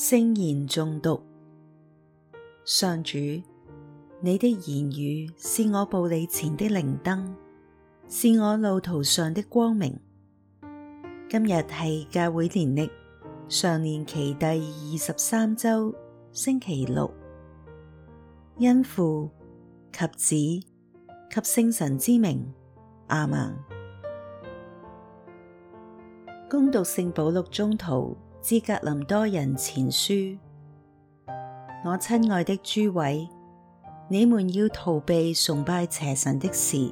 聖言誦讀，上主，你的言語是我步履前的靈燈，是我路途上的光明。今日係教會年曆常年期第二十三周，星期六。因父及子及聖神之名，阿門。恭讀聖保祿宗徒。致格林多人前書，我親愛的諸位，你們要逃避崇拜邪神的事。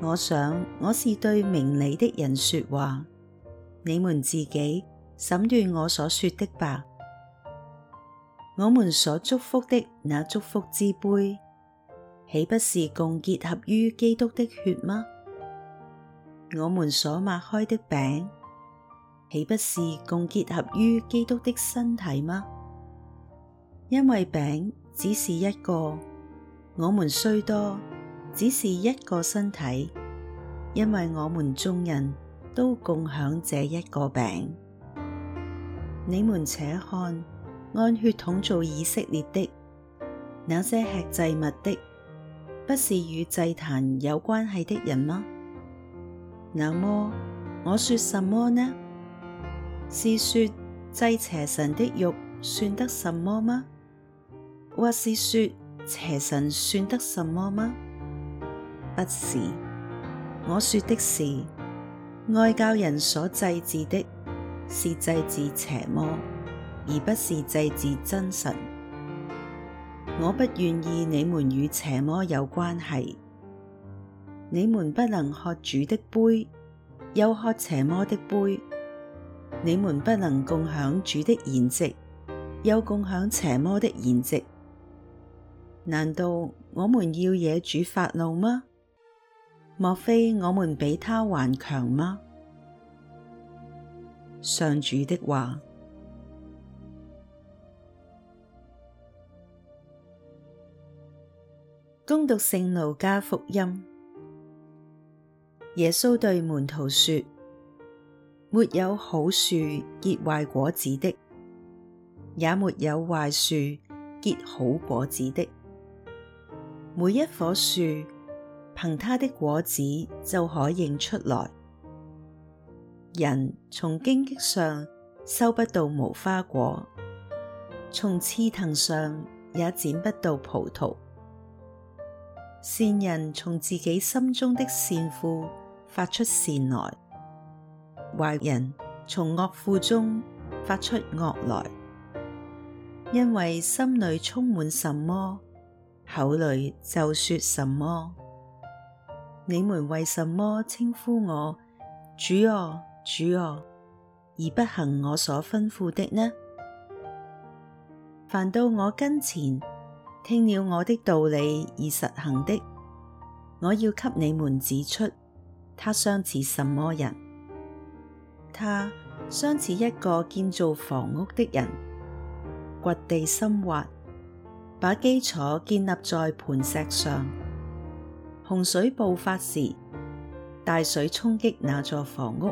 我想我是對明理的人說話，你們自己審斷我所說的吧。我們所祝福的那祝福之杯，豈不是共結合於基督的血嗎？我們所擘開的餅。豈不是共結合於基督的身體嗎？因為餅只是一個，我們雖多，只是一個身體，因為我們眾人都共享這一個餅。你們且看，按血統做以色列的，那些吃祭物的，不是與祭壇有關係的人嗎？那麼，我說什麼呢？是說祭邪神的肉算得什麼嗎？或是說邪神算得什麼嗎？不是，我說的是外教人所祭祀的，是祭祀邪魔，而不是祭祀真神。我不願意你們與邪魔有關係，你們不能喝主的杯，又喝邪魔的杯。你們不能共享主的筵席，又共享邪魔的筵席，難道我們要惹主發怒嗎？莫非我們比他還強嗎？上主的話：恭讀聖路加福音，耶穌對門徒說。沒有好樹結壞果子的，也沒有壞樹結好果子的。每一棵樹憑它的果子就可認出來。人從荊棘上收不到無花果，從茨藤上也剪不到葡萄。善人從自己心中的善庫發出善來。壞人從惡庫中發出惡來，因為心裏充滿什麼，口裏就說什麼。你們為什麼稱呼我主啊！主啊！而不行我所吩咐的呢？凡到我跟前聽了我的道理而實行的，我要給你們指出他相似什麼人。他相似一個建造房屋的人，掘地深挖，把基礎建立在磐石上。洪水暴發時，大水沖擊那座房屋，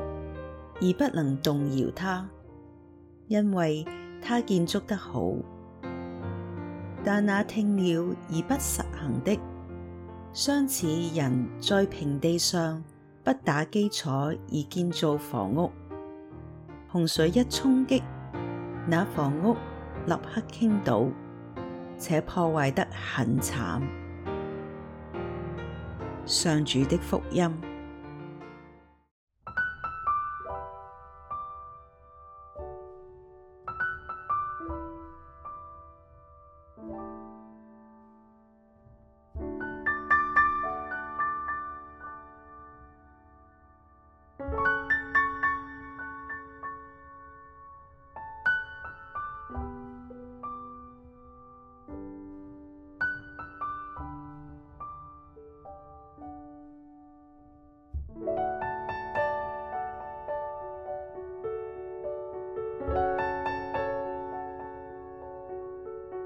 而不能動搖它，因為它建築得好。但那聽了而不實行的，相似人在平地上不打基礎而建造房屋。洪水一衝擊，那房屋立刻傾倒，且破壞得很慘。上主的福音。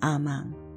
亞孟。